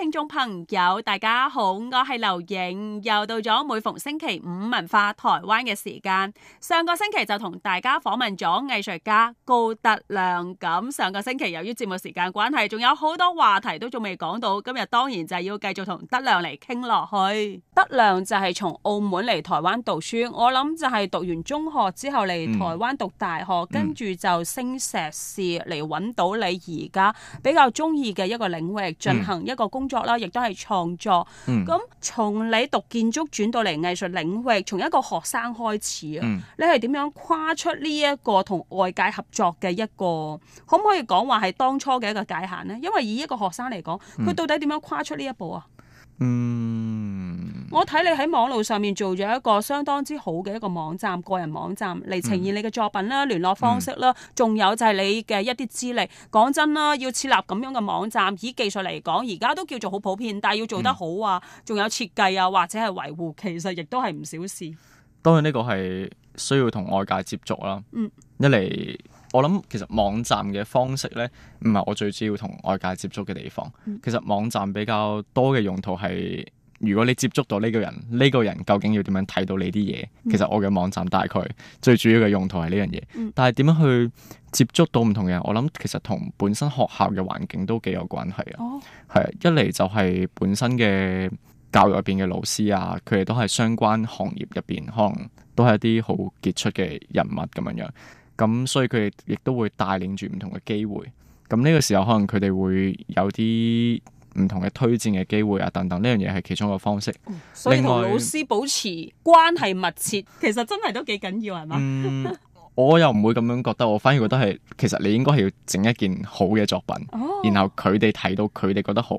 聽眾朋友，大家好，我係劉影，又到咗每逢星期五文化台灣嘅時間。上個星期就同大家訪問咗藝術家高德亮，咁上個星期由於節目時間關係，仲有好多話題都仲未講到。今日當然就係要繼續同德亮嚟傾落去。德亮就係從澳門嚟台灣讀書，我諗就係讀完中學之後嚟台灣讀大學，跟住就升碩士，嚟揾到你而家比較中意嘅一個領域進行一個工。作啦，亦都係創作。咁從、嗯、你讀建築轉到嚟藝術領域，從一個學生開始，啊、嗯，你係點樣跨出呢一個同外界合作嘅一個？可唔可以講話係當初嘅一個界限咧？因為以一個學生嚟講，佢到底點樣跨出呢一步啊？嗯嗯，我睇你喺網路上面做咗一個相當之好嘅一個網站，個人網站嚟呈現你嘅作品啦、嗯、聯絡方式啦，嗯、仲有就係你嘅一啲資歷。講真啦，要設立咁樣嘅網站，以技術嚟講，而家都叫做好普遍，但係要做得好啊，嗯、仲有設計啊，或者係維護，其實亦都係唔少事。當然呢個係需要同外界接觸啦。嗯，一嚟。我諗其實網站嘅方式咧，唔係我最主要同外界接觸嘅地方。嗯、其實網站比較多嘅用途係，如果你接觸到呢個人，呢、呢個人究竟要點樣睇到你啲嘢？嗯、其實我嘅網站大概最主要嘅用途係呢樣嘢。嗯、但係點樣去接觸到唔同嘅人？我諗其實同本身學校嘅環境都幾有關係啊。係、哦、一嚟就係本身嘅教育入邊嘅老師啊，佢哋都係相關行業入邊，可能都係一啲好傑出嘅人物咁樣樣。咁所以佢哋亦都會帶領住唔同嘅機會，咁呢個時候可能佢哋會有啲唔同嘅推薦嘅機會啊等等，呢樣嘢係其中一個方式。哦、所以同老師保持關係密切，外嗯、其實真係都幾緊要係嘛？ 我又唔會咁樣覺得，我反而覺得係其實你應該係要整一件好嘅作品，哦、然後佢哋睇到佢哋覺得好，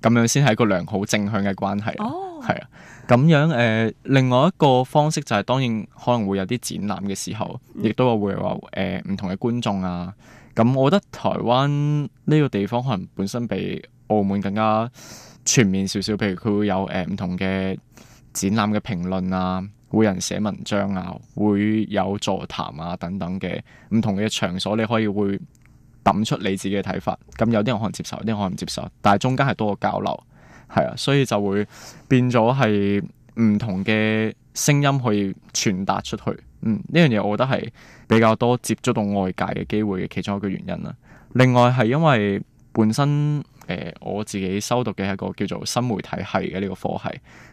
咁樣先係一個良好正向嘅關係。哦，係啊。哦咁樣誒、呃，另外一個方式就係當然可能會有啲展覽嘅時候，亦都會話誒唔同嘅觀眾啊。咁、嗯嗯、我覺得台灣呢個地方可能本身比澳門更加全面少少，譬如佢會有誒唔、呃、同嘅展覽嘅評論啊，會有人寫文章啊，會有座談啊等等嘅唔同嘅場所，你可以會揼出你自己嘅睇法。咁、嗯嗯、有啲人可能接受，有啲人可能唔接受，但係中間係多個交流。係啊，所以就會變咗係唔同嘅聲音可以傳達出去。嗯，呢樣嘢我覺得係比較多接觸到外界嘅機會嘅其中一個原因啦。另外係因為本身誒、呃、我自己修讀嘅係一個叫做新媒體系嘅呢、這個科系，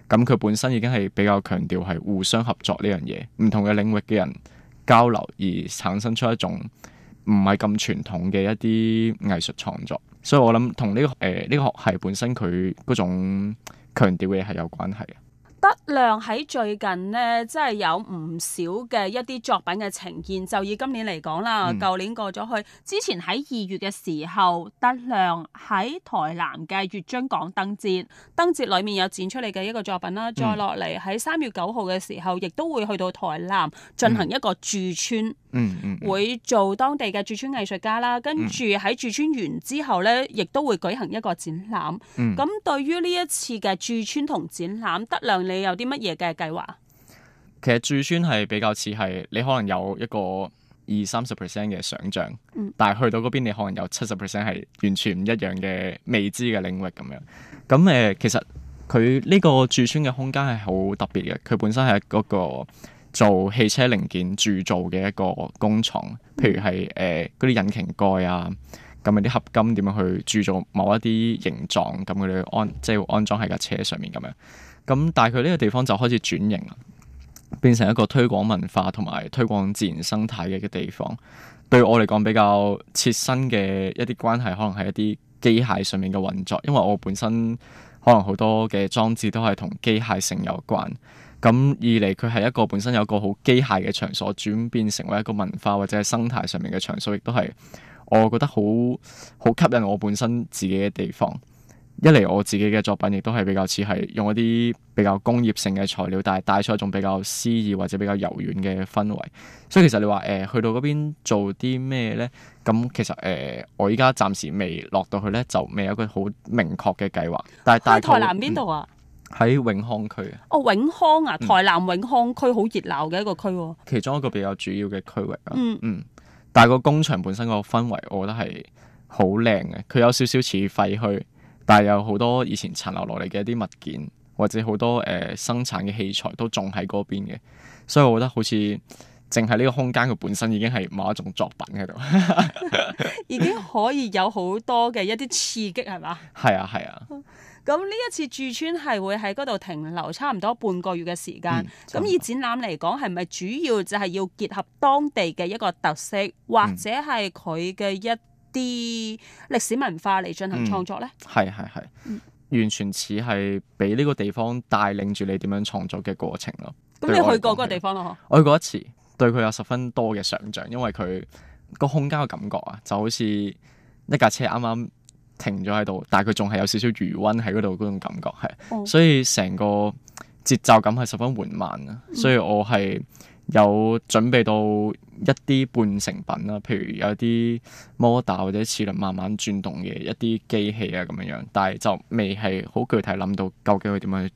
咁、嗯、佢本身已經係比較強調係互相合作呢樣嘢，唔同嘅領域嘅人交流而產生出一種。唔係咁傳統嘅一啲藝術創作，所以我諗同呢個誒、呢個學系本身佢嗰種強調嘅係有關係。德亮喺最近咧，真係有唔少嘅一啲作品嘅呈現。就以今年嚟講啦，舊、嗯、年過咗去，之前喺二月嘅時候，德亮喺台南嘅月津港燈節燈節裏面有展出嚟嘅一個作品啦。再落嚟喺三月九號嘅時候，亦都會去到台南進行一個駐村，嗯嗯嗯嗯、會做當地嘅駐村藝術家啦。跟住喺駐村完之後咧，亦都會舉行一個展覽，嗯，咁、嗯、對於呢一次嘅駐村同展覽德亮，你有啲乜嘢嘅計劃？其實駐村係比較似係你可能有一個二三十 percent 嘅想像，嗯、但係去到嗰邊你可能有七十 percent 係完全唔一樣嘅未知嘅領域咁樣。咁誒、呃，其實佢呢個駐村嘅空間係好特別嘅。佢本身係嗰個做汽車零件鑄造嘅一個工廠，嗯、譬如係誒嗰啲引擎蓋啊。咁啲合金點樣去鑄造某一啲形狀，咁佢哋安即係安裝喺架車上面咁樣。咁但係佢呢個地方就開始轉型啦，變成一個推廣文化同埋推廣自然生態嘅一個地方。對我嚟講比較切身嘅一啲關係可能係一啲機械上面嘅運作，因為我本身可能好多嘅裝置都係同機械性有關。咁二嚟佢係一個本身有個好機械嘅場所，轉變成為一個文化或者係生態上面嘅場所，亦都係我覺得好好吸引我本身自己嘅地方，一嚟我自己嘅作品亦都係比較似係用一啲比較工業性嘅材料，但係帶出一種比較詩意或者比較柔軟嘅氛圍。所以其實你話誒、呃、去到嗰邊做啲咩咧？咁其實誒、呃、我依家暫時未落到去咧，就未有一個好明確嘅計劃。但係喺台南邊度啊？喺、嗯、永康區啊。哦，永康啊，台南永康區好熱鬧嘅一個區，哦。其中一個比較主要嘅區域啦。嗯嗯。嗯。但係個工場本身個氛圍，我覺得係好靚嘅。佢有少少似廢墟，但係有好多以前殘留落嚟嘅一啲物件，或者好多誒、呃、生產嘅器材都仲喺嗰邊嘅。所以我覺得好似淨係呢個空間，佢本身已經係某一種作品喺度， 已經可以有好多嘅一啲刺激，係嘛？係啊，係啊。 咁呢一次駐村係會喺嗰度停留差唔多半個月嘅時間。咁、嗯、以展覽嚟講，係咪主要就係要結合當地嘅一個特色，或者係佢嘅一啲歷史文化嚟進行創作呢？係係係，嗯、完全似係俾呢個地方帶領住你點樣創作嘅過程咯。咁你去過嗰個地方咯？我去過一次，對佢有十分多嘅想象，因為佢個空間嘅感覺啊，就好似一架車啱啱。停咗喺度，但係佢仲係有少少餘溫喺嗰度嗰種感覺係，嗯、所以成個節奏感係十分緩慢啊。嗯、所以我係有準備到一啲半成品啦，譬如有啲 model 或者齒輪慢慢轉動嘅一啲機器啊咁樣樣，但係就未係好具體諗到究竟佢點樣去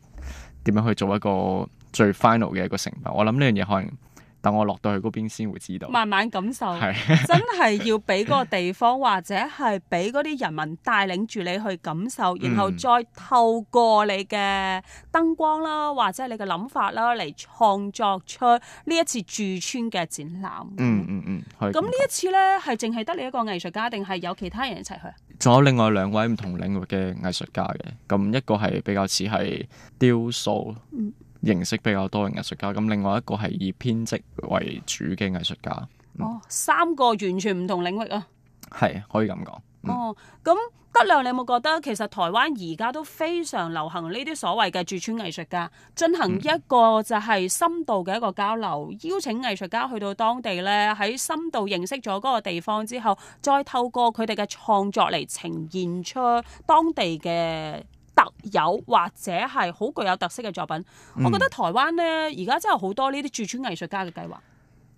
點樣去做一個最 final 嘅一個成品。我諗呢樣嘢可能。等我落到去嗰邊先會知道，慢慢感受，是 真係要俾個地方或者係俾嗰啲人民帶領住你去感受，嗯、然後再透過你嘅燈光啦，或者你嘅諗法啦，嚟創作出呢一次駐村嘅展覽，嗯。嗯嗯嗯，咁呢一次呢，係淨係得你一個藝術家，定係有其他人一齊去？仲有另外兩位唔同領域嘅藝術家嘅，咁一個係比較似係雕塑。嗯認識比較多嘅藝術家，咁另外一個係以編織為主嘅藝術家。嗯、哦，三個完全唔同領域啊！係，可以咁講。嗯、哦，咁德亮，你有冇覺得其實台灣而家都非常流行呢啲所謂嘅駐村藝術家，進行一個就係深度嘅一個交流，嗯、邀請藝術家去到當地呢，喺深度認識咗嗰個地方之後，再透過佢哋嘅創作嚟呈現出當地嘅，有或者係好具有特色嘅作品，嗯、我覺得台灣咧而家真係好多呢啲駐村藝術家嘅計劃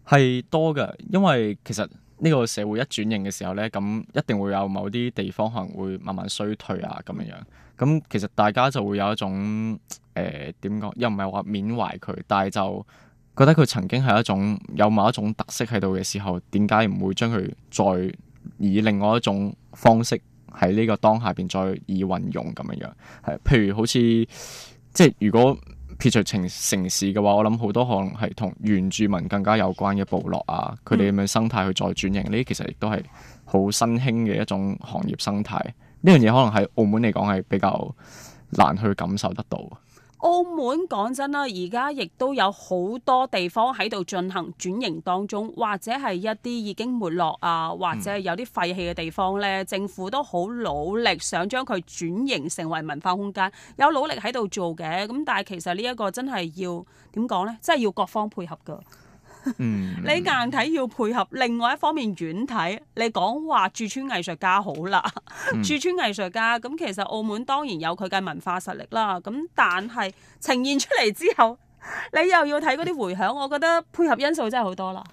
係多嘅，因為其實呢個社會一轉型嘅時候咧，咁一定會有某啲地方可能會慢慢衰退啊咁樣樣。咁其實大家就會有一種誒點、呃、講，又唔係話緬懷佢，但係就覺得佢曾經係一種有某一種特色喺度嘅時候，點解唔會將佢再以另外一種方式？喺呢個當下邊再以運用咁樣樣，係譬如好似即係如果撇除城城市嘅話，我諗好多可能係同原住民更加有關嘅部落啊，佢哋咁樣生態去再轉型，呢啲、嗯、其實亦都係好新興嘅一種行業生態。呢樣嘢可能喺澳門嚟講係比較難去感受得到。澳門講真啦，而家亦都有好多地方喺度進行轉型當中，或者係一啲已經沒落啊，或者係有啲廢棄嘅地方呢、嗯、政府都好努力想將佢轉型成為文化空間，有努力喺度做嘅。咁但係其實呢一個真係要點講呢？真係要各方配合㗎。嗯， 你硬體要配合另外一方面軟體，你講話駐村藝術家好啦，駐 村藝術家，咁其實澳門當然有佢嘅文化實力啦，咁但係呈現出嚟之後，你又要睇嗰啲回響，我覺得配合因素真係好多啦。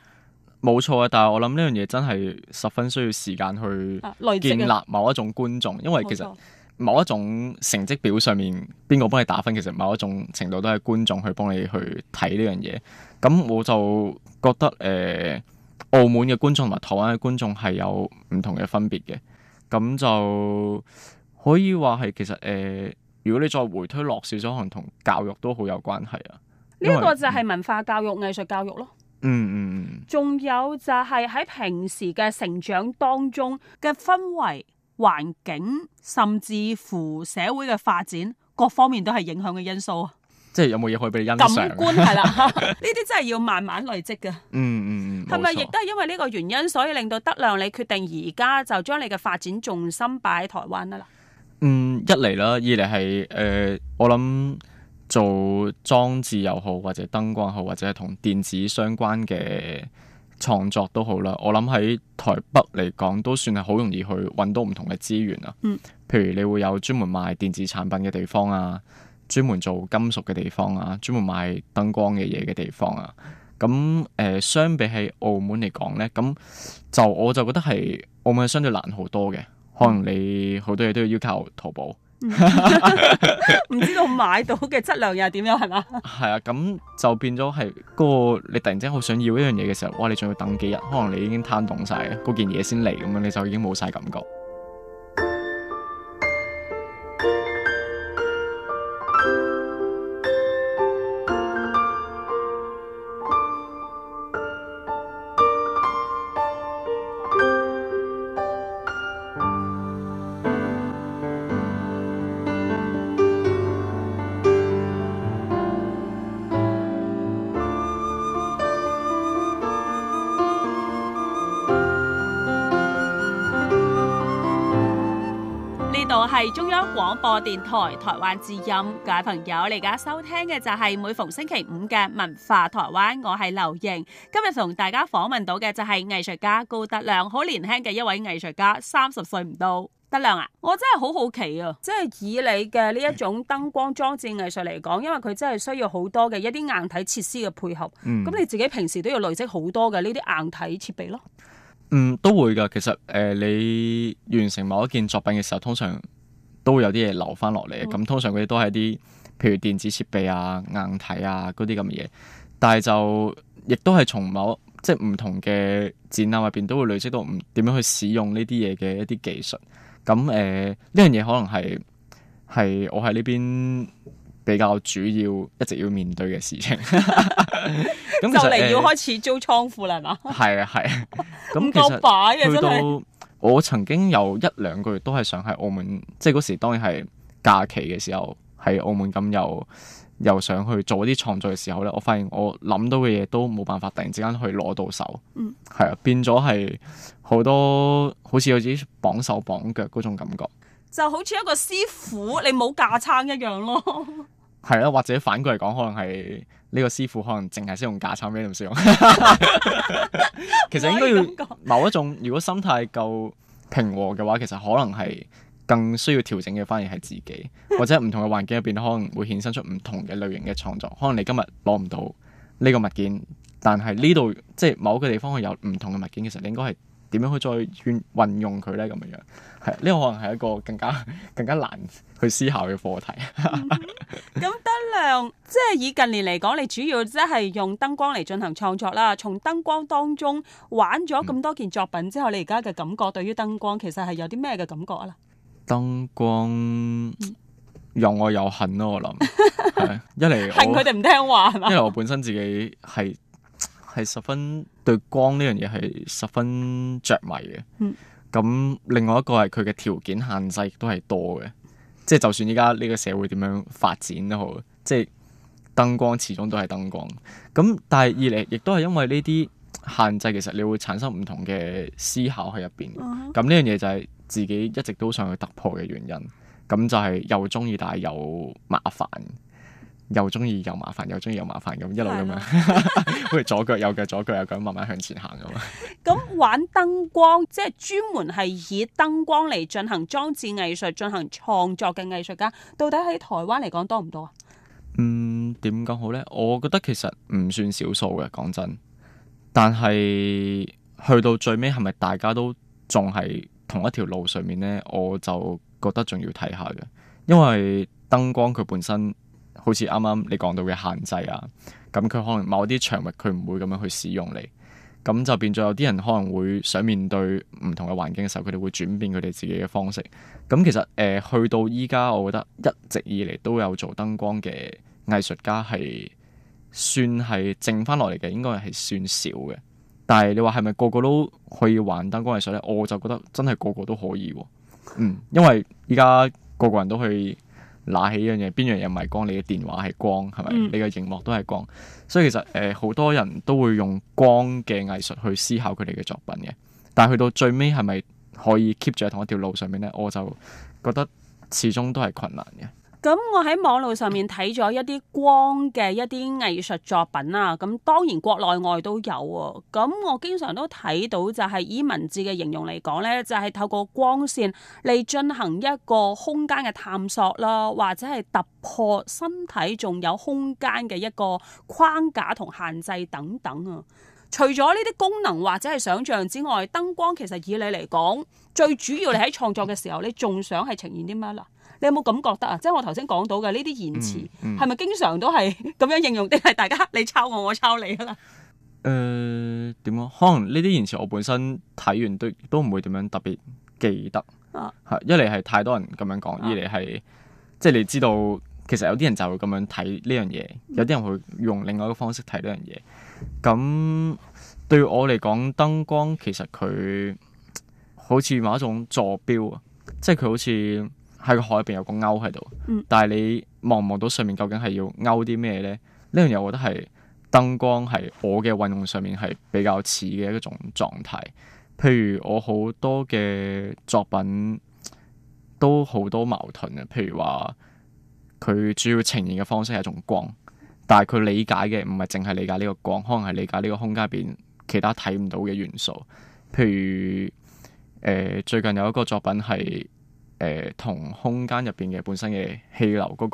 冇錯啊，但係我諗呢樣嘢真係十分需要時間去建立某一種觀眾，因為其實。某一種成績表上面，邊個幫你打分？其實某一種程度都係觀眾去幫你去睇呢樣嘢。咁我就覺得誒、呃，澳門嘅觀眾同埋台灣嘅觀眾係有唔同嘅分別嘅。咁就可以話係其實誒、呃，如果你再回推落少少，可能同教育都好有關係啊。呢一個就係文化教育、藝術教育咯。嗯嗯，仲有就係喺平時嘅成長當中嘅氛圍。環境甚至乎社會嘅發展，各方面都係影響嘅因素啊！即係有冇嘢可以俾你欣賞？感官係啦，呢啲 真係要慢慢累積嘅、嗯。嗯嗯嗯，係咪亦都係因為呢個原因，所以令到德亮你決定而家就將你嘅發展重心擺喺台灣啦？嗯，一嚟啦，二嚟係誒，我諗做裝置又好，或者燈光又好，或者係同電子相關嘅創作都好啦，我諗喺台北嚟講都算係好容易去揾到唔同嘅資源啊。嗯，譬如你會有專門賣電子產品嘅地方啊，專門做金屬嘅地方啊，專門賣燈光嘅嘢嘅地方啊。咁誒，呃，相比起澳門嚟講呢，咁就我就覺得係澳門係相對難好多嘅，可能你好多嘢都要要求淘寶。嗯唔 知道買到嘅質量又係點樣係嘛？係啊，咁就變咗係，嗰個你突然間好想要一樣嘢嘅時候，哇！你仲要等幾日，可能你已經攤凍晒嗰件嘢先嚟，咁樣你就已經冇晒感覺。係中央廣播電台台灣之音，各位朋友，你而家收聽嘅就係每逢星期五嘅文化台灣，我係劉瑩。今日同大家訪問到嘅就係藝術家高德亮，好年輕嘅一位藝術家，三十歲唔到。德亮啊，我真係好好奇啊！即係以你嘅呢一種燈光裝置藝術嚟講，因為佢真係需要好多嘅一啲硬體設施嘅配合。嗯，咁你自己平時都要累積好多嘅呢啲硬體設備咯。嗯，都會噶。其實誒，呃，你完成某一件作品嘅時候，通常。都有啲嘢留翻落嚟，咁通常佢哋都係啲，譬如電子設備啊、硬體啊嗰啲咁嘅嘢，但係就亦都係從某即係唔同嘅展覽入邊都會累積到唔點樣去使用呢啲嘢嘅一啲技術，咁誒呢樣嘢可能係係我喺呢邊比較主要一直要面對嘅事情。咁就嚟要開始租倉庫啦，係嘛？係啊係，咁其實去到。我曾經有一兩個月都係想喺澳門，即係嗰時當然係假期嘅時候喺澳門咁，又又想去做啲創作嘅時候咧，我發現我諗到嘅嘢都冇辦法突然之間去攞到手，嗯、係啊，變咗係好多好似有啲綁手綁腳嗰種感覺，就好似一個師傅你冇架撐一樣咯。係啦，或者反過嚟講，可能係呢個師傅可能淨係識用假鈔，咩都唔識用。其實應該要某一種， 如果心態夠平和嘅話，其實可能係更需要調整嘅，反而係自己。或者唔同嘅環境入邊，可能會衍生出唔同嘅類型嘅創作。 可能你今日攞唔到呢個物件，但係呢度即係某個地方佢有唔同嘅物件，其實你應該係。點樣去再運運用佢咧？咁樣樣係呢個可能係一個更加更加難去思考嘅課題。咁 得、mm hmm. 亮，即係以近年嚟講，你主要即係用燈光嚟進行創作啦。從燈光當中玩咗咁多件作品之後，mm hmm. 你而家嘅感覺對於燈光，其實係有啲咩嘅感覺光、mm hmm. 啊？燈光又愛又恨咯，我諗。 一嚟 恨佢哋唔聽話，因為我本身自己係係十分。 對光呢樣嘢係十分着迷嘅，咁、嗯、另外一個係佢嘅條件限制都係多嘅，即係就算依家呢個社會點樣發展都好，即係燈光始終都係燈光。咁但係二嚟亦都係因為呢啲限制，其實你會產生唔同嘅思考喺入邊。咁呢樣嘢就係自己一直都想去突破嘅原因。咁就係又中意，但係又麻煩。又中意又麻煩，又中意又麻煩咁一路咁樣，好似的 左腳右腳左腳右腳，慢慢向前行咁。咁 玩燈光，即係專門係以燈光嚟進行裝置藝術、進行創作嘅藝術家，到底喺台灣嚟講多唔多啊？嗯，點講好呢？我覺得其實唔算少數嘅，講真。但係去到最尾，係咪大家都仲係同一條路上面呢？我就覺得仲要睇下嘅，因為燈光佢本身。好似啱啱你講到嘅限制啊，咁佢可能某啲場域佢唔會咁樣去使用你，咁就變咗有啲人可能會想面對唔同嘅環境嘅時候，佢哋會轉變佢哋自己嘅方式。咁其實誒、呃、去到依家，我覺得一直以嚟都有做燈光嘅藝術家係算係剩翻落嚟嘅，應該係算少嘅。但係你話係咪個個都可以玩燈光藝術咧？我就覺得真係個個都可以喎、哦。嗯，因為依家個個人都去。拿起一樣嘢，邊樣嘢唔係光？你嘅電話係光，係咪？嗯、你嘅熒幕都係光，所以其實誒好、呃、多人都會用光嘅藝術去思考佢哋嘅作品嘅。但係去到最尾係咪可以 keep 住喺同一條路上面咧？我就覺得始終都係困難嘅。咁我喺網路上面睇咗一啲光嘅一啲藝術作品啊，咁當然國內外都有啊。咁我經常都睇到就係以文字嘅形容嚟講呢就係、是、透過光線嚟進行一個空間嘅探索啦，或者係突破身體仲有空間嘅一個框架同限制等等啊。除咗呢啲功能或者係想象之外，燈光其實以你嚟講，最主要你喺創作嘅時候，你仲想係呈現啲咩啦？你有冇感覺得啊？即係我頭先講到嘅呢啲言辭，係咪、嗯嗯、經常都係咁樣應用？定係大家你抄我，我抄你啦？誒、呃，點啊？可能呢啲言辭我本身睇完都都唔會點樣特別記得啊。係一嚟係太多人咁樣講，二嚟係即係你知道，其實有啲人就會咁樣睇呢樣嘢，有啲人會用另外一個方式睇呢樣嘢。咁、嗯、對我嚟講，燈光其實佢好似某一種坐標啊，即係佢好似。喺個海邊有個勾喺度，嗯、但係你望唔望到上面究竟係要勾啲咩呢？呢樣嘢，我覺得係燈光係我嘅運用上面係比較似嘅一種狀態。譬如我好多嘅作品都好多矛盾嘅，譬如話佢主要呈現嘅方式係一種光，但係佢理解嘅唔係淨係理解呢個光，可能係理解呢個空間入邊其他睇唔到嘅元素。譬如誒、呃，最近有一個作品係。誒，同空間入邊嘅本身嘅氣流嗰、嗰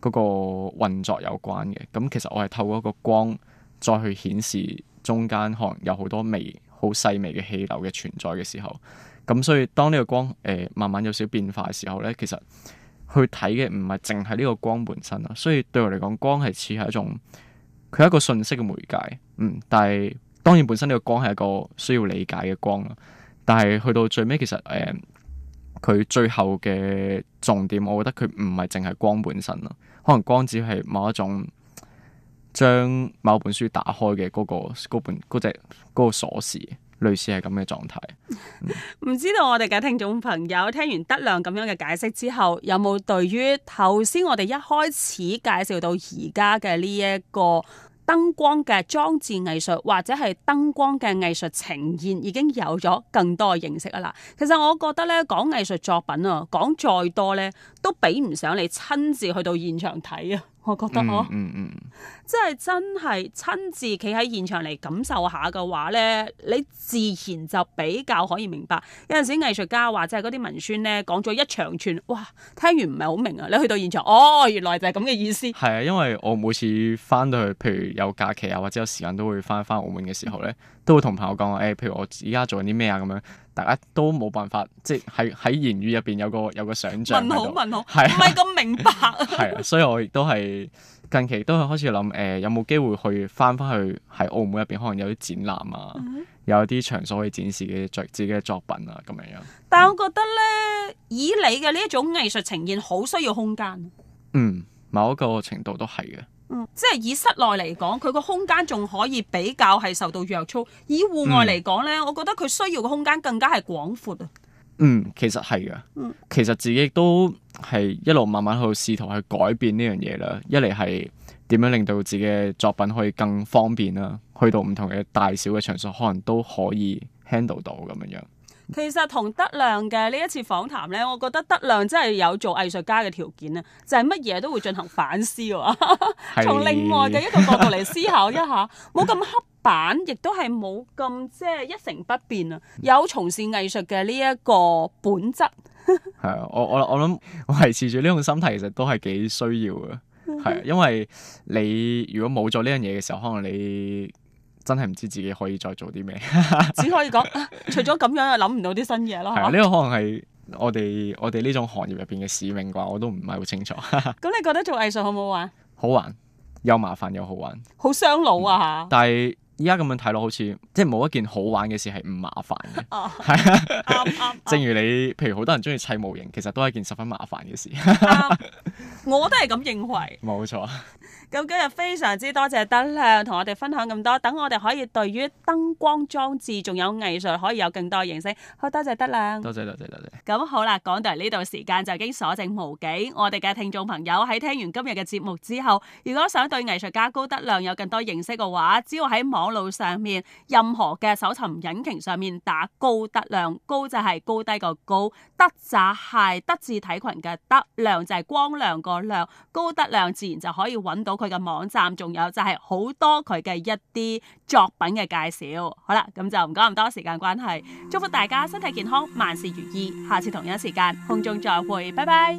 個嗰、嗰個運作有關嘅，咁其實我係透過一個光再去顯示中間可能有好多微好細微嘅氣流嘅存在嘅時候，咁所以當呢個光誒、呃、慢慢有少少變化嘅時候咧，其實去睇嘅唔係淨係呢個光本身啦，所以對我嚟講，光係似係一種佢係一個信息嘅媒介，嗯，但係當然本身呢個光係一個需要理解嘅光啦，但係去到最尾其實誒。呃佢最後嘅重點，我覺得佢唔係淨係光本身咯，可能光只係某一種將某本書打開嘅嗰、嗰個嗰本嗰隻、嗰個鎖匙，類似係咁嘅狀態。唔、嗯、 知道我哋嘅聽眾朋友聽完德亮咁樣嘅解釋之後，有冇對於頭先我哋一開始介紹到而家嘅呢一個？燈光嘅裝置藝術或者係燈光嘅藝術呈現已經有咗更多嘅認識㗎喇。其實我覺得咧，講藝術作品啊，講再多咧都比唔上你親自去到現場睇啊！我覺得嗬、嗯，嗯嗯，即係真係親自企喺現場嚟感受下嘅話咧，你自然就比較可以明白。有陣時藝術家話即係嗰啲文宣咧，講咗一長串，哇，聽完唔係好明啊！你去到現場，哦，原來就係咁嘅意思。係啊，因為我每次翻到去，譬如有假期啊，或者有時間都會翻翻澳門嘅時候咧，都會同朋友講，誒、欸，譬如我而家做緊啲咩啊，咁樣。大家都冇辦法，即係喺言語入邊有個有個想象，問好問好，係唔係咁明白？係 啊，所以我亦都係近期都係開始諗，誒、呃，有冇機會去翻翻去喺澳門入邊，可能有啲展覽啊，嗯、有啲場所可以展示嘅着自己嘅作品啊，咁樣樣。但我覺得咧，以你嘅呢一種藝術呈現，好需要空間。嗯，某一個程度都係嘅。嗯、即係以室內嚟講，佢個空間仲可以比較係受到約束；以戶外嚟講呢、嗯、我覺得佢需要嘅空間更加係廣闊啊。嗯，其實係噶，嗯、其實自己都係一路慢慢喺度試圖去改變呢樣嘢啦。一嚟係點樣令到自己嘅作品可以更方便啦，去到唔同嘅大小嘅場所，可能都可以 handle 到咁樣樣。其實同德亮嘅呢一次訪談咧，我覺得德亮真係有做藝術家嘅條件啊！就係乜嘢都會進行反思、啊， 從另外嘅一個角度嚟思考一下，冇咁是你 黑板，亦都係冇咁即係一成不變啊！有從事藝術嘅呢一個本質，係 啊！我我我諗，維持住呢種心態其實都係幾需要嘅，係 啊！因為你如果冇咗呢樣嘢嘅時候，可能你。真係唔知自己可以再做啲咩，只可以講、 啊、除咗咁樣又諗唔到啲新嘢咯。係呢 這個可能係我哋我哋呢種行業入邊嘅使命啩，我都唔係好清楚。咁 你覺得做藝術好唔好玩？好玩，又麻煩又好玩，好傷腦啊吓！嗯，但係而家咁樣睇落，好似即係冇一件好玩嘅事係唔麻煩嘅，係啊，啱啱。正如你，譬如好多人中意砌模型，其實都係一件十分麻煩嘅事。嗯、 我都係咁認為。冇錯。咁今日非常之多謝德亮，同我哋分享咁多，等我哋可以對於燈光裝置仲有藝術可以有更多認識。好多謝德亮，多謝多謝多謝。咁好啦，講到嚟呢度時間就已經所剩無幾。我哋嘅聽眾朋友喺聽完今日嘅節目之後，如果想對藝術家高德亮有更多認識嘅話，只要喺網路上面任何嘅搜尋引擎上面打高德亮，高就係高低個高，德咋係德智體群嘅德，亮就係、是、光亮個亮。高德亮自然就可以揾到佢嘅網站，仲有就係好多佢嘅一啲作品嘅介紹。好啦，咁就唔講咁多，時間關係，祝福大家身體健康，萬事如意。下次同一時間空中再會，拜拜。